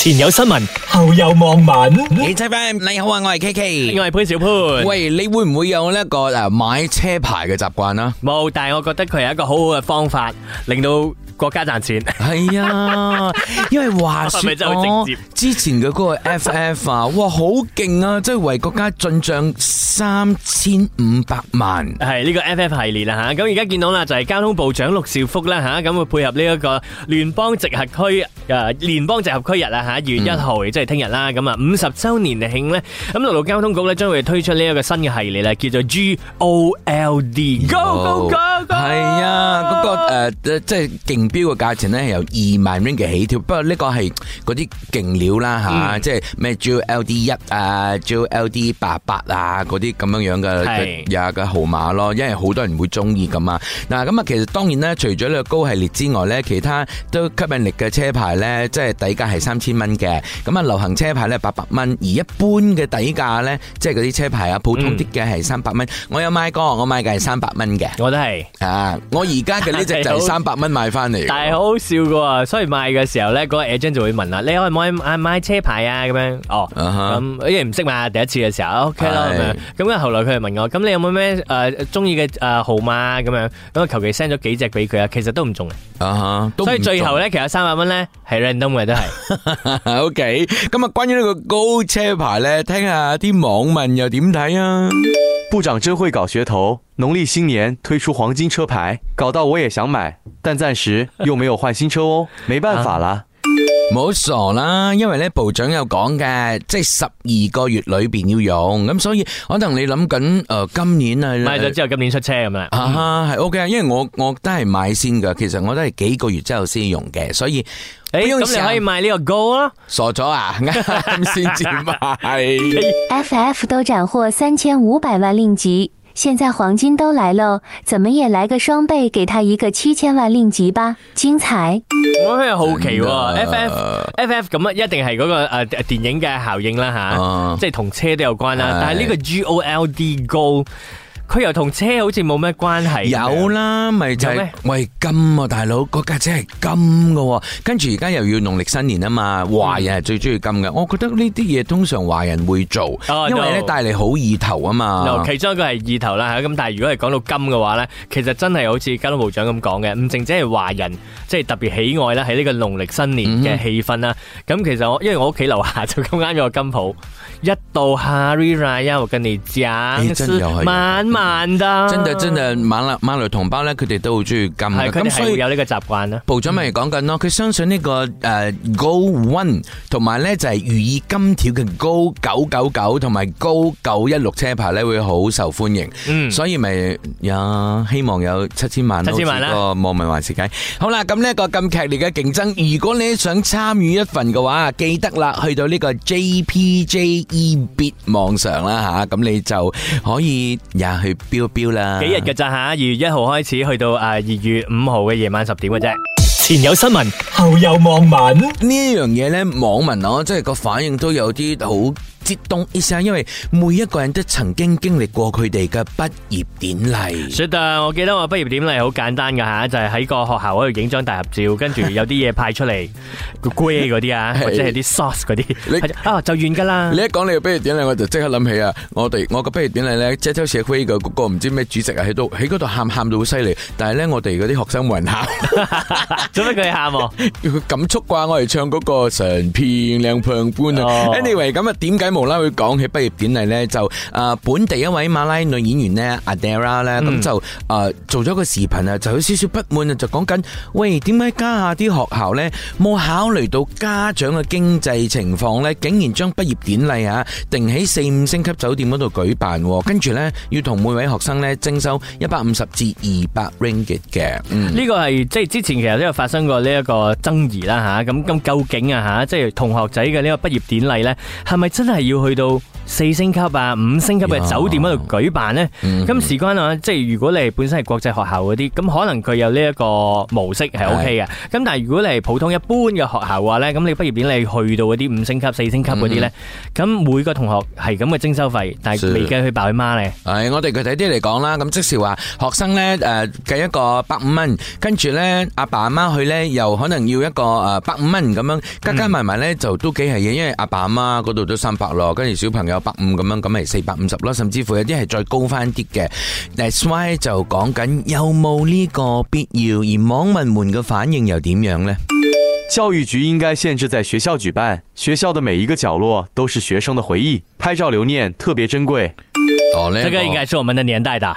前有新聞，後有網民，Hi friend 你好啊，我係 K K，我係潘小潘。喂，你會唔會有一個誒買車牌嘅習慣啊？冇，但係我覺得佢係一個好好嘅方法，令到。國家賺錢係啊，因為話說我之前嘅嗰個 FF 哇好勁啊，即係為國家進賬三千五百萬。係呢個 FF 系列啦吓，咁而家見到啦就係交通部長陸兆福啦吓，咁會配合呢一個聯邦直轄區誒聯邦直轄區日啦吓，一月一號即係聽日啦，咁啊五十周年慶咧，咁陸路交通局咧將會推出呢一個新嘅系列啦，叫做 GOLD，係啊，嗰個誒即係勁。標個價錢咧由二萬蚊嘅起跳，不過呢個係嗰啲勁料啦吓、嗯，即係咩 GLD 一啊 GLD 八八啊嗰啲咁樣樣嘅有嘅號碼咯，因為好多人會中意噶啊。嗱咁啊，其實當然呢，除咗呢個高系列之外呢，其他都吸引力嘅車牌呢，即係底價係三千蚊嘅。咁啊，流行車牌呢，八百蚊，而一般嘅底價呢，即係嗰啲車牌啊普通啲嘅係三百蚊。我有買過，那個，我買嘅係三百蚊嘅，我都係啊，我而家嘅呢隻就係三百蚊買翻嚟。 但係好好笑噶，所以賣嘅時候咧，嗰個 agent 就會問啦：你可唔可以買車牌啊？咁樣哦，咁因為唔識嘛，第一次嘅時候，OK 啦咁樣。咁啊，後來佢就問我：咁你有冇咩誒中意嘅誒號碼咁樣？咁啊，求其 send 咗幾隻俾佢啊，其實都唔中。啊哈，所以最後咧，其實三百蚊咧係 random 嘅，都係。OK，咁啊，關於呢個高車牌咧，聽下啲網民又點睇啊？農曆新年推出黃金車牌，搞到我也想買，但暫時又沒有換新車哦，沒辦法啦。冇傻啦，因為咧部長有講嘅，即係十二個月裏邊要用，咁所以可能你諗緊誒，今年啊，買咗之後今年出車咁啦、嗯。啊，係 OK 啊，因為我我都係買先噶，其實我都係幾個月之後先用嘅，所以誒，咁、欸、你可以買呢個高 o、啊、咯。傻咗啊，啱先至買 ？FF 都斬獲三千五百萬令吉。現在黃金都來嘍，怎麼也來個雙倍？給他一個七千萬令吉吧！精彩！我係好奇，F F F F，咁啊，FF, FF 一定係嗰個誒電影嘅效應啦吓，oh, 即係同車都有關啦。但係呢個 G O L D GO。佢又同車好似冇咩關係，有啦，咪就係喂金啊，大佬，個架車係金嘅，跟住而家又要農曆新年啊嘛，華人係最中意金嘅，我覺得呢啲嘢通常華人會做，因為咧帶嚟好意頭啊嘛。其中一個係意頭啦，嚇咁。但係如果係講到金嘅話咧，其實真係好似交通部長咁講嘅，唔淨止係華人即係特別喜愛啦，喺呢個農曆新年嘅氣氛啦。咁其實我因為我屋企樓下就咁啱有個金鋪，一到 Hari Raya，我跟你講，慢慢。得，真係真係，馬來馬來同胞咧，佢哋都好中意金嘅，咁所以佢有呢個習慣啦。部長咪講緊咯，佢相信呢個誒，Go One 同埋咧就係寓意金條嘅 Go 九九九同埋 Go 九一六車牌咧會好受歡迎，嗯，所以咪有希望有七千萬到。呢個網民還是計。好啦，咁呢一個咁劇烈嘅競爭，如果你想參與一份嘅話，記得啦，去到呢個 JPJEbit 網上啦吓，咁你就可以也去。標標啦，幾日嘅咋吓？二月一號開始去到啊二月五號嘅夜晚十點嘅啫。前有新聞，後有網民，呢樣嘢咧，網民咯，即係個反應都有啲好。激動一聲，因為每一個人都曾經經歷過佢哋嘅畢業典禮。雪特，我記得我畢業典禮好簡單噶吓，就係喺個學校嗰度影張大合照，跟住有啲嘢派出嚟，個 grad 嗰啲啊，或者係啲 sauce 嗰啲，你啊就完噶啦。你一講你嘅畢業典禮，我就即刻諗起啊，我哋我嘅畢業典禮咧，鄭州社區嘅嗰個唔知咩主席啊，喺度喺嗰度喊，喊到好犀利，但係咧我哋嗰啲學生冇人喊，做乜鬼喊？感觸啩，我哋唱嗰個上片兩片半啊。Anyway，咁啊，點解？無啦會講起畢業典禮咧，就誒本地一位馬來女演員咧，Adara 咧，咁就誒做咗個視頻啊，就有少少不滿啊，就講緊喂，點解家下啲學校咧冇考慮到家長嘅經濟情況咧，竟然將畢業典禮啊定喺四五星級酒店嗰度舉辦，跟住咧，要同每位學生咧徵收一百五十至二百 Ringgit 嘅，嗯，呢個係即係之前其實都有發生過呢一個爭議啦吓，咁咁究竟啊吓，即係同學仔嘅呢個畢業典禮咧，係咪真係？係要去到。四星級啊，五星級嘅酒店嗰度舉辦咧，咁事關啊，即係如果你係本身係國際學校嗰啲，咁可能佢有呢一個模式係 OK 嘅。咁但係如果你係普通一般嘅學校嘅話咧，咁你畢業典禮去到嗰啲五星級、四星級嗰啲咧，咁每個同學係咁嘅徵收費，但係未計佢爸佢媽咧。係我哋具體啲嚟講啦，咁即係話學生咧誒計一個百五蚊，跟住咧阿爸阿媽去咧又可能要一個誒百五蚊咁樣加加埋埋咧就都幾係嘅，因為阿爸阿媽嗰度都三百咯，跟住小朋友。百五咁樣，咁咪四百五十咯，甚至乎有啲係再高翻啲嘅。That's why 就講緊有冇呢個必要，而網民們嘅反應又點樣咧？教育局應該限制在學校舉辦，學校的每一個角落都是學生的回憶，拍照留念特別珍貴。好咧，這個應該是我們的年代的。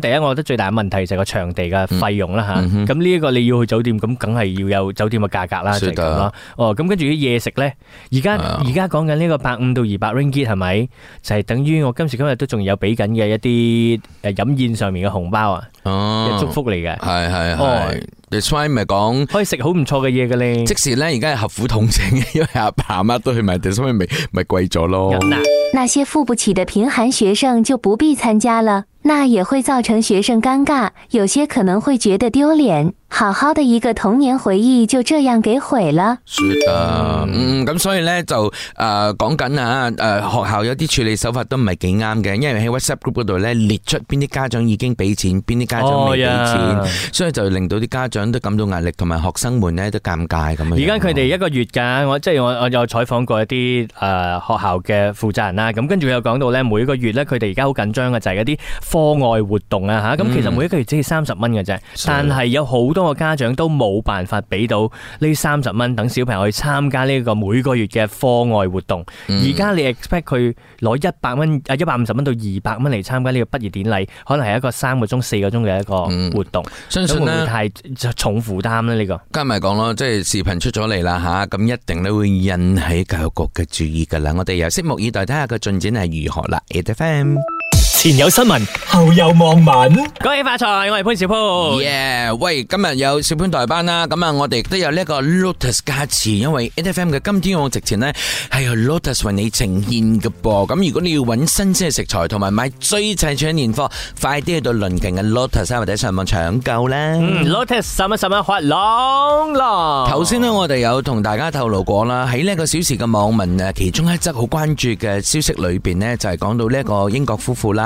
第一，我覺得最大嘅問題就係個場地嘅費用啦嚇。咁呢一個你要去酒店，咁梗係要有酒店嘅價格啦，絕對啦、嗯就係嗯、哦，咁跟住啲嘢食咧，而家而家講緊呢個百五到二百 ringgit 係咪？就係、係、等於我今時今日都仲有俾緊嘅一啲誒飲宴上面嘅紅包啊。啊、是是是哦，祝福嚟嘅，係係係，design 咪講可以食好唔錯嘅嘢嘅咧，即時咧而家係合府同慶，因為阿爸阿媽都去買 design 咪咪貴咗咯。有嗱，那些付不起的貧寒學生就不必參加了，那也會造成學生尷尬，有些可能會覺得丟臉。好好的一個童年回憶，就這樣給毀了。是啊，嗯，咁所以咧就誒講緊啊，誒學校有啲處理手法都唔係幾啱嘅，因為喺 WhatsApp group 嗰度咧列出邊啲家長已經俾錢，邊啲家長未俾錢，所以就令到啲家長都感到壓力，同埋學生們咧都尷尬咁。而家佢哋一個月噶，我即係我我有採訪過一啲誒學校嘅負責人啦，咁跟住又講到咧，每個月咧佢哋而家好緊張嘅就係一啲課外活動啊吓，咁其實每一個月只係三十蚊嘅啫，但係有好多個家長都冇辦法俾到呢三十蚊，等小朋友去參加呢個每個月嘅課外活動。而家你 expect 佢攞一百蚊啊，一百五十蚊到二百蚊嚟參加呢個畢業典禮，可能係一個三個鐘四個鐘嘅一個活動，嗯，相信咧係重負擔咧呢個。加埋講咯，即係視頻出咗嚟啦吓，咁、啊、一定咧會引起教育局嘅注意噶啦。我哋又拭目以待，睇下個進展係如何啦。F M 前有新聞，後有網民。恭喜發財！我係潘小鋪。yeah，喂，今日有小潘代班啦。咁啊，我哋都有呢一個 Lotus 加持，因為 NFM 嘅今天嘅值錢咧係 Lotus 為你呈現嘅噃。咁如果你要揾新鮮嘅食材，同埋買最齊全嘅年貨，快啲去到鄰近嘅 Lotus 啊，或者上網搶購啦。Lotus 十蚊十蚊髮廊咯。頭先咧，我哋有同大家透露過啦，喺呢個小時嘅網民誒，其中一則好關注嘅消息裏邊咧，就係講到呢一個英國夫婦啦。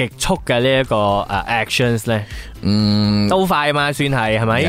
極速嘅呢一個誒 actions 咧，嗯，都好快啊嘛，算係係咪？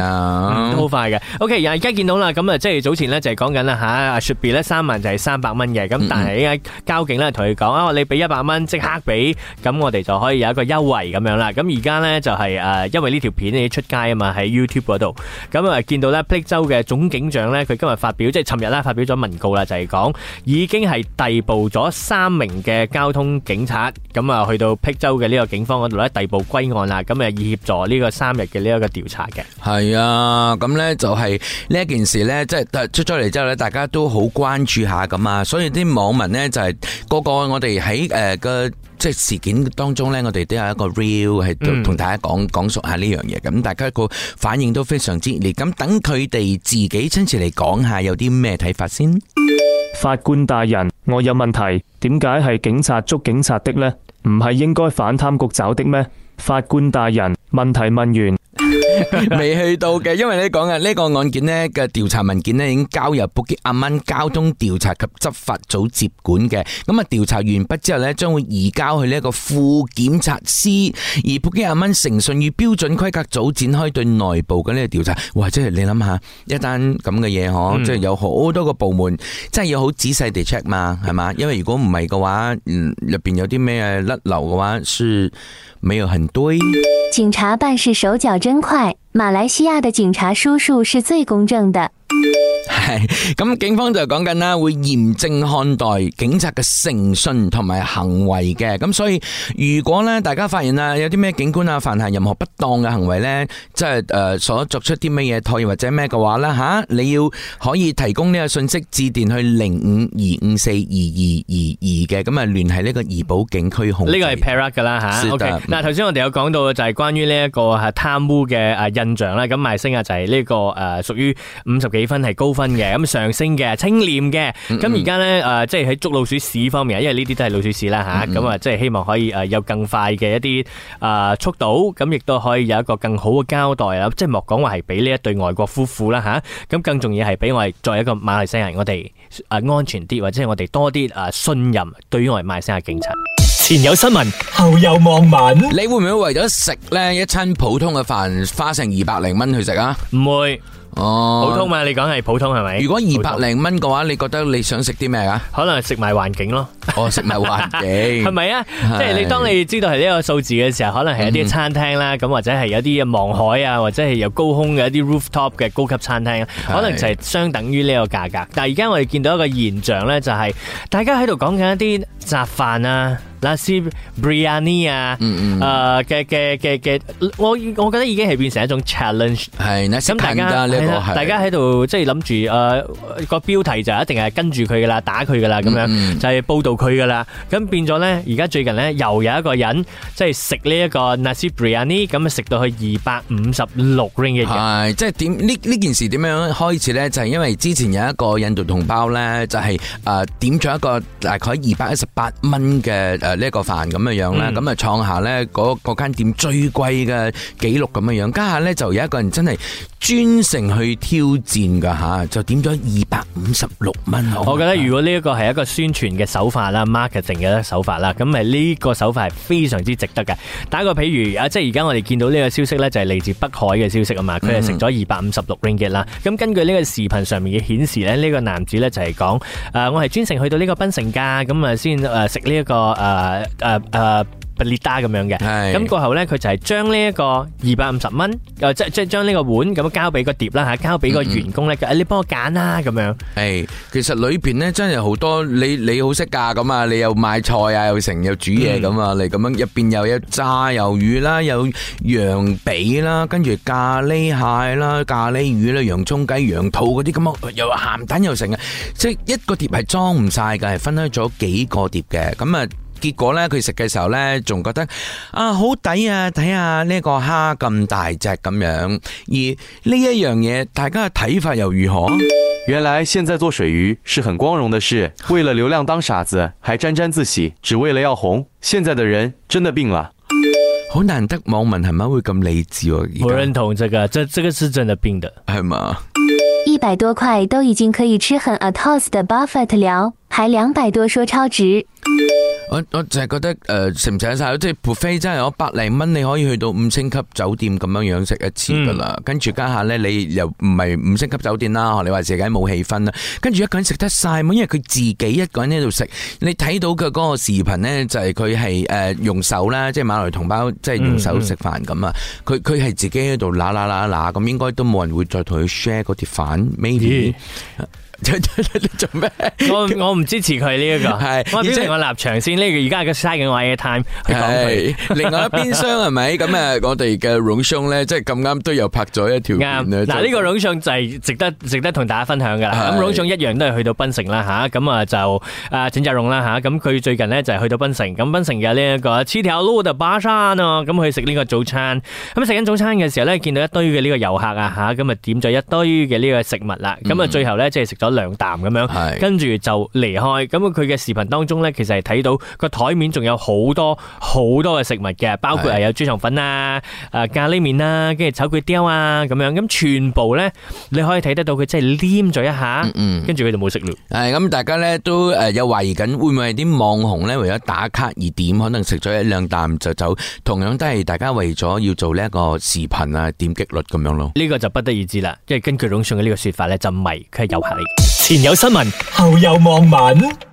都好快嘅。OK，而家見到啦，咁啊，即係早前咧就係講緊啦嚇，雪碧咧三萬就係三百蚊嘅，咁但係而家交警咧同佢講啊，你俾一百蚊即刻俾，咁我哋就可以有一個優惠咁樣啦。咁而家咧就係誒，因為呢條片你出街啊嘛，喺 YouTube 嗰度，咁啊見到咧霹靂州嘅總警長咧，佢今日發表，即係尋日咧發表咗文告啦，就係講已經係逮捕咗三名嘅交通警察，咁啊去到霹靂州。嘅呢個警方嗰度咧逮捕歸案啦，咁啊以協助呢個三日嘅呢一個調查嘅。係啊，咁咧就係呢一件事咧，即係出咗嚟之後咧，大家都好關注下咁啊，所以啲網民咧就係個個我哋喺誒個即係事件當中咧，我哋都有一個 real 係同大家講講述下呢樣嘢。咁大家個反應都非常之烈。咁等佢哋自己親自嚟講下有啲咩睇法先。法官大人，我有問題，點解係警察捉警察的咧？唔係應該反貪局找的咩？法官大人，問題問完。未去到嘅，因為你講嘅呢個案件呢，嘅調查文件呢已經交由布基阿曼交通調查及執法組接管嘅。咁啊調查完畢之後呢，將會移交去呢一個副檢察司，而布基阿曼誠信與標準規格組展開對內部嘅呢個調查。哇！即係你諗下，一單咁嘅嘢嗬，嗯、即係有好多個部門，真係要好仔細地 check 嘛，係嘛？因為如果唔係嘅話，嗯，裏面有邊有啲咩甩漏嘅話是沒有很堆。警察辦事手腳真快。馬來西亞的警察叔叔是最公正的。係咁， 警方，就講緊啦，會嚴正看待警察嘅誠信同埋行為嘅。咁所以，如果咧大家發現啊有啲咩警官啊犯下任何不當嘅行為咧，即係誒所作出啲咩嘢妥協或者咩嘅話咧，吓你要可以提供呢個信息，致電去零五二五四二二二二嘅，咁啊聯繫呢個怡保警區控制這是。呢、啊 okay, 個係 Perak 嘅啦吓。O K 嗱，頭先我哋有講到就係關於呢一個係貪污嘅誒印象咧，咁埋升啊就係呢個誒屬於五十幾。幾分係高分嘅，咁上升嘅，清廉嘅，咁而家呢誒，即係喺捉老鼠屎方面，因為呢啲都係老鼠屎啦吓，咁啊，即係希望可以誒有更快嘅一啲誒速度，咁亦都可以有一個更好嘅交代啊！即係莫講話係俾呢一對外國夫婦啦吓，咁更重要係俾我哋作為一個馬來西亞人，我哋誒安全啲，或者係我哋多啲誒信任對於我哋馬來西亞警察。前有新聞，後有網民，你會唔會為咗食呢一餐普通嘅飯，花成二百零蚊去食啊？唔會。哦，普通嘛？你講係普通係咪？如果二百零蚊嘅話，你覺得你想食啲咩啊？可能食埋環境咯。哦，食埋環境係咪啊？即係你當你知道係呢個數字嘅時候，可能係一啲餐廳啦，咁或者係有啲望海啊，或者係有高空嘅一啲 rooftop 嘅高級餐廳，可能就係相等於呢個價格。但係而家我哋見到一個現象呢，就係大家喺度講緊一啲。雜飯啊，納西 biryani 啊，嗯嗯，誒嘅嘅嘅嘅，我我覺得已經係變成一種 challenge，係，咁大家呢個係，大家喺度即係諗住誒個標題就一定係跟住佢噶啦，打佢噶啦，咁樣就係報道佢噶啦，咁變咗咧，而家最近咧又有一個人即係食呢一個納西 biryani，咁啊食到去二百五十六 ring 嘅人，係，即係點呢，呢件事點樣開始咧？就係因為之前有一個印度同胞咧，就係誒點咗一個大概二百一十。八蚊嘅誒呢一個飯咁嘅樣咧，咁啊創下呢嗰嗰間店最貴嘅紀錄咁嘅樣，家下呢，就有一個人真係專程去挑戰噶吓，就點咗二百五十六蚊。我覺得如果呢一個係一個宣傳嘅手法啦，marketing 嘅手法啦，咁啊呢個手法係非常之值得嘅。打個譬如啊，即係而家我哋見到呢個消息呢，就係嚟自北海嘅消息啊嘛，佢係食咗二百五十六 ringgit 啦。咁根據呢個視頻上面嘅顯示呢，呢、呢個男子呢就係講誒，我係專程去到呢個檳城噶，咁啊先。誒、呃，食呢一個誒誒誒。呃呃呃列打咁樣嘅，咁過後咧，佢就係將呢一個二百五十蚊，誒，即即係將呢個碗咁交俾個碟啦吓，交俾個員工咧，誒，你幫我揀啦咁樣。係，其實裏邊咧真係好多，你你好識噶，咁啊，你又買菜啊，又成，又煮嘢咁啊，嚟咁樣入邊又有炸魷魚啦，有羊髀啦，跟住咖喱蟹啦，咖喱魚啦，洋葱雞、羊肚嗰啲咁啊，又鹹蛋又成啊，即係一個碟係裝唔晒嘅，係分開咗幾個碟嘅，咁啊。結果呢，佢食嘅時候呢，仲覺得啊，好抵啊！睇下呢個蝦咁大隻咁樣。而呢一樣嘢，大家嘅睇法又如何？原來現在做水魚是很光榮的事。為了流量當傻子，還沾沾自喜，只為了要紅。現在的人真的病啦！好難得網民係咪會咁理智、啊？我認同這個，這這個是真的病的係嘛？一百多塊都已經可以吃很 atas 的 buffet 聊，還兩百多說超值。我我就係覺得誒食唔食得晒，即係 buffet，真係有百零蚊你可以去到五星級酒店咁樣樣食一次噶啦。跟住家下咧，你又唔係五星級酒店啦，你話自己冇氣氛啦。跟住一個人食得晒，因為佢自己一個人喺度食。你睇到嘅嗰個視頻呢，就係佢係誒用手啦，即係馬來同胞即係用手食飯咁啊。佢佢係自己喺度嗱嗱嗱嗱咁，應該都冇人會再同佢 share 嗰碟飯，未必。出出出嚟做咩？我我唔支持佢呢一個，係我表明我立場先。呢個而家係個嘥緊我嘅 time 嚟講佢。另外一邊廂係咪？咁啊，我哋嘅榮雙咧，即係咁啱，都有拍咗一條。啱，嗱呢個榮雙就係值得值得同大家分享噶。咁榮雙一樣都係去到檳城啦吓，咁啊就啊鄭澤榮啦吓，咁佢最近咧就係去到檳城。咁檳城嘅呢一個 Cute Luda Baran 啊，咁去食呢個早餐。咁食緊早餐嘅時候咧，見到一堆嘅呢個遊客啊吓，咁啊點咗一堆嘅呢個食物啦。咁啊最後咧即係食咗。兩啖咁樣，跟住就離開。咁佢嘅視頻當中呢，其實係睇到個台面仲有好多好多嘅食物嘅，包括係有豬腸粉啊、咖喱麵啊、跟住炒粿條啊咁樣。咁全部呢，你可以睇得到佢真係黏咗一下，跟住佢就冇食了。咁、嗯、大家呢，都誒有懷疑緊，會唔會係啲網紅呢？為咗打卡而點，可能食咗一兩啖就走？同樣都係大家為咗要做呢一個視頻啊點擊率咁樣咯。呢、這個就不得而知啦，即係根據網上嘅呢個說法呢，就唔係佢係遊客嚟。前有新聞，後有網民。